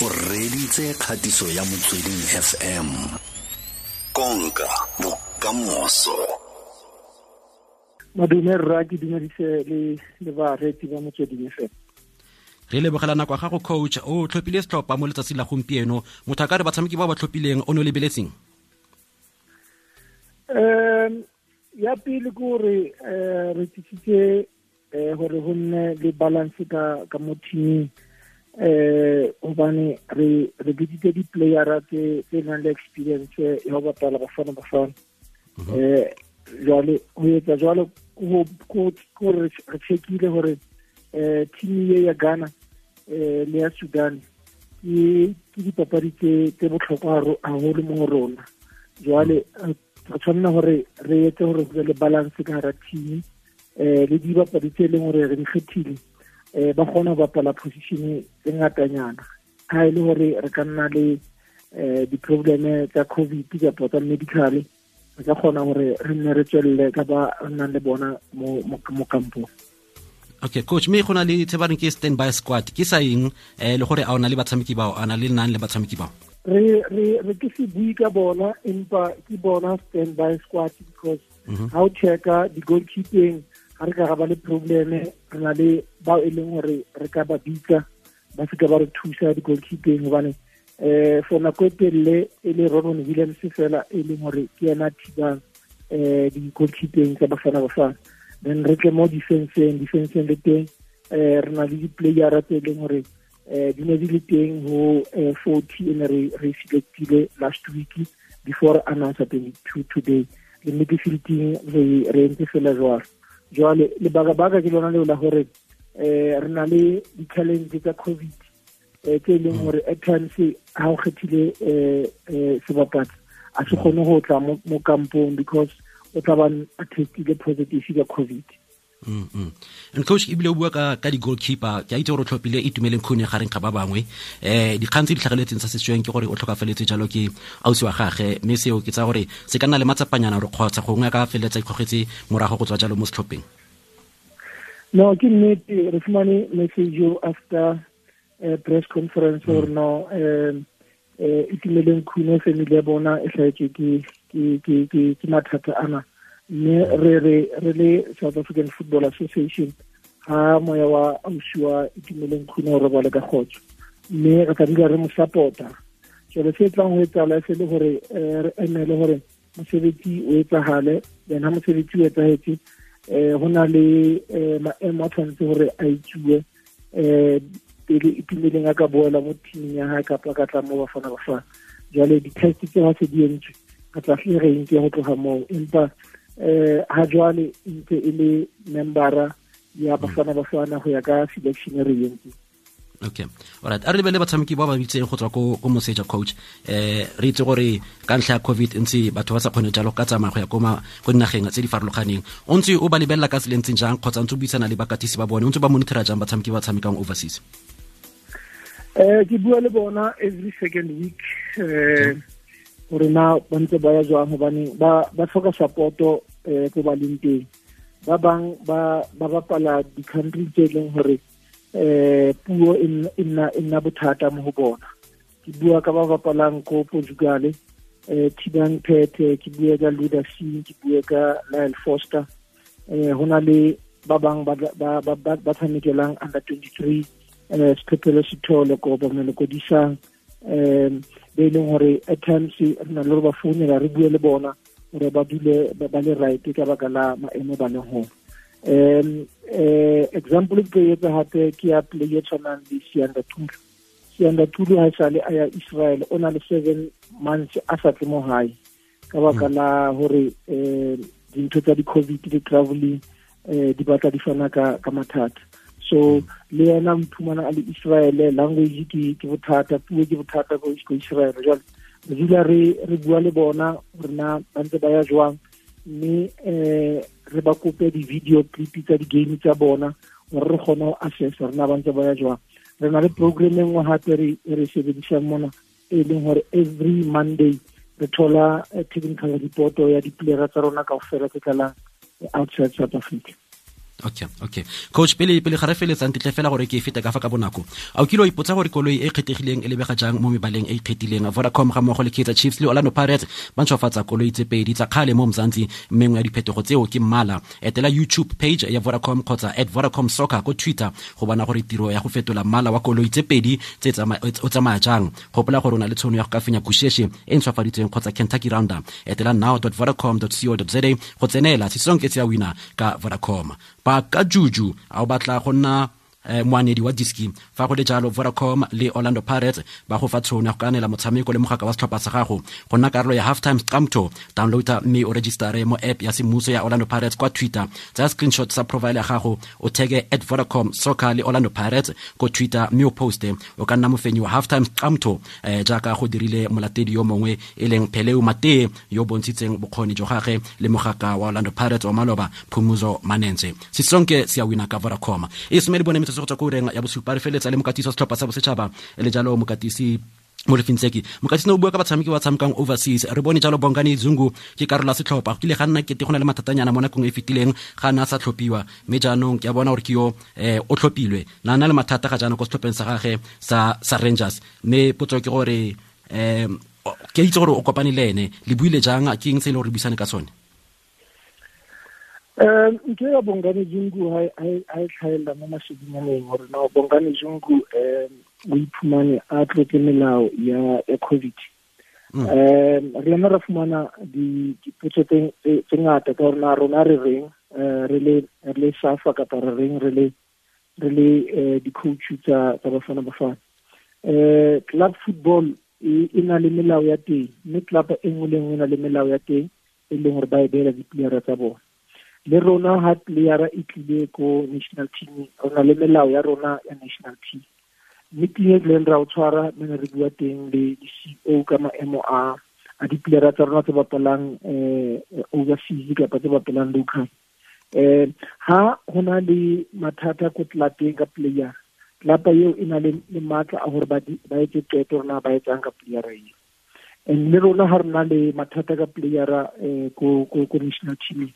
o reditse kgatiso ya motsweding fm konka bokamoso madume rra ke dumedise le le ba motsweding fm re lebogela nako ga gago coach o tlhophile setlhopha mo letsatsi la gompieno motho a ka re batshameki ba ba tlhopileng o ne o lebeletseng um ya pele ke gore um eh, re tsitsitse um eh, gore go nne le balance ka mo thiming eh obane re re biditse di-playera tse nang le experience ya go bapala bafana bafana mhm. eh jwale go etsa jwalo kore re checkile gore eh team ye ya ghana eh le ya sudan ke dipapadi tse botlhokwa gagolo mo go rona jwale re tshwanela gore re etse gore re le balance ka gara team eh le dibapadi tse e leng gore re di kgethile eh ba kgona ba pala position e ngatanyana ha e le gore re ka nna le eh di probleme tsa covid kapa tsa medical re ka kgona gore re nne re tswelele ka ba nna le bona mo kampong okay coach mme go na le tse ba reng ke squad ke sa eng eh le gore a o na le batshameki bao a na le nang le batshameki bao re re re ke se bui ka bona empa ke bona stand by squad because how mhm. -hmm. checka di goalkeeping ga re ka ga ba le probleme re na le bao e leng gore re ka ba bitsa ba seka ba re thusa di-goalkeeping gobane um eh, for nako e telele e le ronon williams fela e leng gore ke yena thibang um di-goalkeeping tsa bafana bafana then re tle mo defenseng defenseng le teng um re na le di-playera tse e leng gore um di ne di le teng go um forty ene re selectile last week before announce twenty two today le midfielding re entse fela jwalo jwale lebaka-baka ke lona leo la gore eh re na le di-challenge tsa covid eh, tse e leng gore at times ha o kgethile eh eh sebapatsi a se kgone go tla mo kampong because o tla ba a testile positive ka covid mm, mm. coach ebile o bua ka ka di goalkeeper ke a itse gore o tlhophile e tumeleng khone gareng ga ba bangwe eh dikgang tse di tlhageletseng tsa setsweng ke gore o tlhokafeletse jalo ke ausi wa gage mme seo ke tsa gore se ka nna le matsapanyana gore kgotsa gongwe ka feleletsa ikgogetse morago go tswa jalo mo setlhopheng no ke nnete re fumane message after eh, press conference mm. or no um eh, itumeleng eh, e khune family ya bona e tlhaetswe ke mathata ana mme re re re le south african football association ga moya wa ausi wa itumeleng kgone o re ka kgotso mme re tla dula re mo supporta jalo se e tlang go etsala se le gore eh, re le gore mosebetsi o etsagale then ga mosebetsi o etsagetse um eh, go na le eh, maemo a tshwanetse gore a itsiwe um pele itumeleng a ka boela mo teaming ya ga kapa ka tla mo bafana bafana jale di-test tse ga se di entswe ka tla tle re enke go tloga moo empa eh ha jwale e ntse e le membera ya mm. bafana bafana go ya ka selection agency e e okay alright a re lebele batshameki ba ba bitseng go tswa ko ko moseja coach eh re itse gore ka ntlha ya covid ntse batho ba sa kgone jalo ka tsamaya go ya ko dinageng tse di farologaneng o ntse o ba lebelela ka seleng ntseng jang kgotsa ntse o buisana le bakatisi ba bone o ntse ba monitora jang batshameki ba tshamekang overseas eh ke bua le bona every second week eh gore na ba ntse ba ya jwang gobane ba tlhoka supporto eh ko ba leng teng ba bang ba ba bapala di-country tse e leng gore eh puo e nna e e bothata mo go bona ke bua ka ba bapalang ko portugale eh, um Tiban Pete ke bue ka Luda Singh ke bue ka Lyle Foster um eh, go na le ba bang ba tshamekelang ba ba tshamikelang under 23 eh sephephelo se thole ko ba um eh, be e leng gore at times na le gore ba founela re bue le bona gore ba dule ba le right ka baka la maemo ba leng gore um eh, example e ke e etsa hape ke ya play e tshwanang le sianda tulo sianda tulo ga e sale a ya israel o na le seven months a sa tle mo gae ka baka hmm. la hore um dintho tsa di-covid le traveling um eh, di batla di fana ka mathata so hmm. le yena mphumana a le israele language ke bothata puo ke bothata ko israel jalo re dula re bua le bona rena ba ntse ba ya jwang mme eh re ba kope di-video clip tsa di-game tsa bona gore re kgone go assess re na ba ntse ba ya jwang re na le programme nngwe gape re sebedisang mona e leng gore every monday re thola eh, technical report ya diplayera tsa rona ka go fela tse tlalang outside south africa okay okay coach pele pele re feletsang ke fela gore ke e fete ka fa ka bonako a o kile o ipotsa gore koloi e, e kgethegileng e lebega jang mo mebaleng e, e kgethileng vodacom ga mmogo le kaizer chiefs le orlando pirates ba ntshwafatsa koloi tse pedi tsa kgale mo mzantsi mmengwe ya diphetogo tseo ke mmala etela youtube page ya vodacom kgotsa at vodacom soccer ko twitter go bona gore tiro ya go fetola mmala wa koloi tse pedi tse o tsamaya jang gopola gore o na le tshono ya go ka fenya kusheshe e ntshwafaditsweng kgotsa kentucky rounder etela now vodacom co za go tsenela sesong ke ya wina ka vodacom ba ka juju a o batla go nna Eh, moanedi wa diski fa go le jalo vodacom le orlando pirates ba go fa tšhono ya go kanela motshameko le mogaka wa setlhopha sa gago go nna karolo ya half time scamto downloada mme o registere mo app ya semmuso ya orlando pirates kwa twitter tsaya screenshot sa profile ya gago o tege at vodacom soccer le orlando pirates ko twitter mme o poste o ka nna mofenyi wa half time scamto um jaaka go dirile molatedi yo mongwe e leng peleo matee yo bontshitseng bokgoni jo gage le mogaka wa orlando pirates wa maloba phumuzo manense sesonke se a wina ka vodacom e somele bone metso go tswa ko ureng ya bosupa re feletsa le mokatisi wa setlhopha sa bosetšhaba e le jalo mokatisi mo lefintseki mokatisi no bua ka batshameki ba tshamekang overseas re bone jalo bongane zungu ke karolo ya setlhopha go kile ga nna kete go na le mathatanyana mo nakong e fetileng ga na sa tlhophiwa mme jaanong ke a bona gore ke yo eh, o tlhophilwe na na le mathata ga jaanong ko setlhopheng sa gage sa rangers mme potso ke gore um ke itse gore o kopane le ene le buile jang ke eng se e le gore re buisane ka sone um ntho ya bongane jungu ha e tlhaela mo masedinyaneng gore na bongane jungu um o iphumane a tlotse melao ya covid um re yona ra fumana dipotso tse ngata ka gore na rona re reng um re le safa kapa re reng re le re le di-coach tsa bafana bafana um club football e, e na le melao ya teng mme club e nngwe le nngwe e na le melao ya teng e leng gore ba e beela dipilera tsa bone le rona ha player e tlile ko national team rona le melao ya rona ya national team mme e tlileng ra o tshwara mene re bua teng le di-co e ka maemo a a dipolera tsa rona tse bapalang um overseas kapa tse bapalang local um ha ho na le mathata ko tlelapeng ka player tlelapa eo e na le matla a gore ba etse qeto rona ba etsang ka player eo and le rona ha rona le mathata ka playera um ko national teameng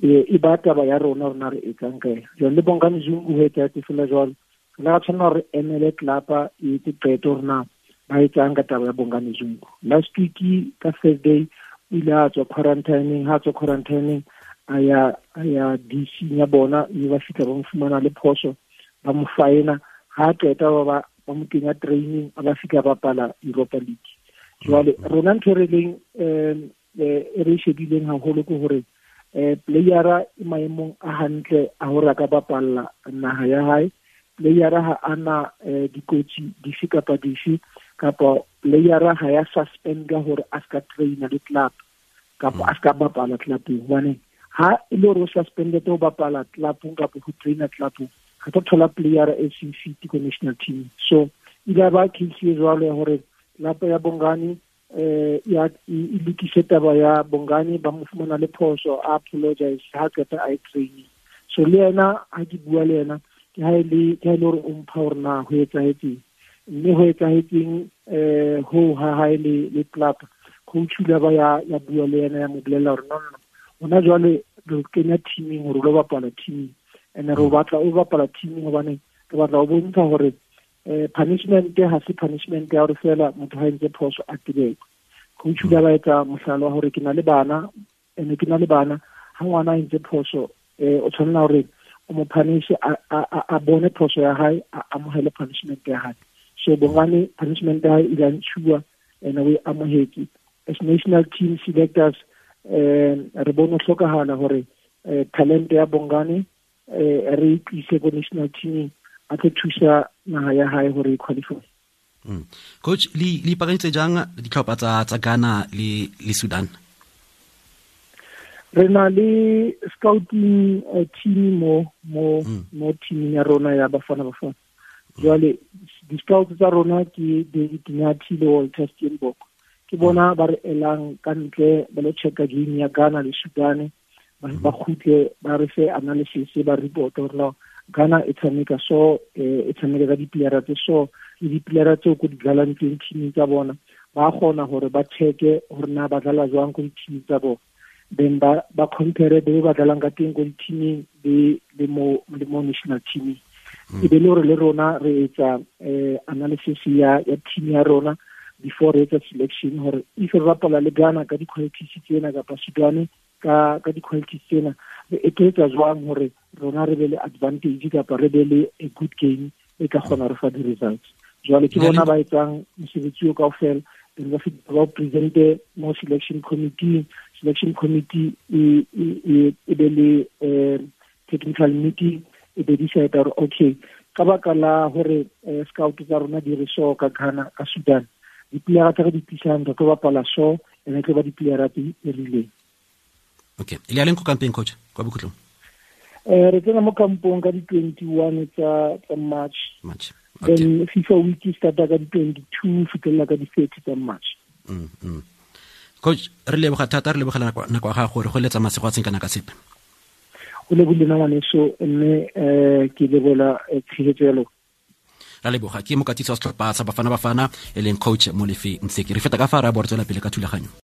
e ba taba ya rona rona re etsang tsang kae jone le bonka mzungu ho etsa te fela jwalo rona ga tshwanela gore emele tlelapa e etse qeto rona ba etsang ka taba ya bonka mzungu last week ka thursday o ile a tswa quarantining ha tswa quarantineng a ya a ya dc ya bona e ba fitlha ba mo fumana le phoso ba mo faena a qeta ba ba mo kenya training a ba fitlha ba pala europa league jale mm-hmm. rona ntho e re leng um re e shebileng haholo ke gore eh playera e maemong a hantle a hore a ka bapalla naha ya hae playera ha ana eh, dikotsi dife kapa dife kapa playera ha ya suspend ka hore a ska traina le club kapa a ska bapala clubeng hobane ha e le hore o suspendete ho bapala clubong kapa ho traina clubong ga tlo thola playera e seng fit ko national team so ile ba case e jwalo ya hore lapa ya bongane eh ya ilukise taba ya bongani ba mo le phoso a apologize ha qeta a e training so le ena ha ke bua le ena ke ha e le ke e le re o mpha hore na ho etsahetseng mme ho etsahetseng eh ho ha ha le le club coach le ba ya ya bua le ena ya mo bolela hore no no hona jwale re kenya teaming hore lo bapala teaming ene re mm. batla o bapala teaming hobane re batla o bontsha hore Eh, punishment ha se punishment ya gore fela motho ha ntse phoso a tibeke coach ba ba etsa mohlalo wa gore ke na le bana ene ke na le bana ha ngwana a ntse phoso eh o tshwanela gore o mo punish a bone phoso ya hae a amohele punishment ya hae so bongane punishment ya hae e lantshua ene o e amohetse as national team selectors um re bone tlhokagala gore eh, talent ya bongane um re e tlise ko national team a tle thusa naga ya gae gore e qualify mm. coach le ipakantse jang ditlhopha tsa tsa ghana le le sudan re na le scouting uh, team mo mo mm. mo team ya rona ya bafana bafana jale di scout tsa rona ke david nyati le walter steinbok ke mm. bona ba re elang ka ntle ba lo checka game ya ghana le sudane ba mm. khutle ba re fe analysis ba report gore Ghana e tshameka so e, e tshameka ka dipilera tse so le dipilera tseo ko di dlalang teng teaming tsa bona ba gona gore ba check-e gore na ba dlala jwang ko di tsa bona then ba ba compare be ba dlalang ka teng ko di-teaming le le mo le mo national teaming hmm. e be le gore le rona re etsa um analysis ya ya team ya rona before re etsa selection gore if re bapala le Ghana ka di-qualities tsena kapa Sudane ka ka di-qualities tsena e ke etsa jwang hore rona re be le advantage kapa re be le a good game e ka kgona re fa di-results jwale ke bona ba etsang mosebetsi o kaofela then ba fitla ba presente mo selection committee selection committee e, e, e, e be le eh, technical meeting e be di sa okay ka baka la hore eh, scout tsa rona di re so ka Ghana ka Sudan diplayera tsa re di tlisang re tlo bapala so and tlo ba diplayera tse di rileng okay e le ya leng ko kampeng coach kwa bokhutlong um re tsena mo kampong ka di-twenty-one tsa march march okay. then fifa week e starta ka di 22 two e fitlhelela ka di-thirty tsa march mm, mm. coach re leboga thata re lebogela nako ya gago gore go letsa masego a tseng kana ka sepe o lebole na ngwaneso mme um ke lebola eh, tshegetso ya lona ra leboga ke mo mokatisi wa setlhopha sa bafana bafana e leng coach molefi ntsheki re feta ka fa re a bo re tswela pele ka thulaganyo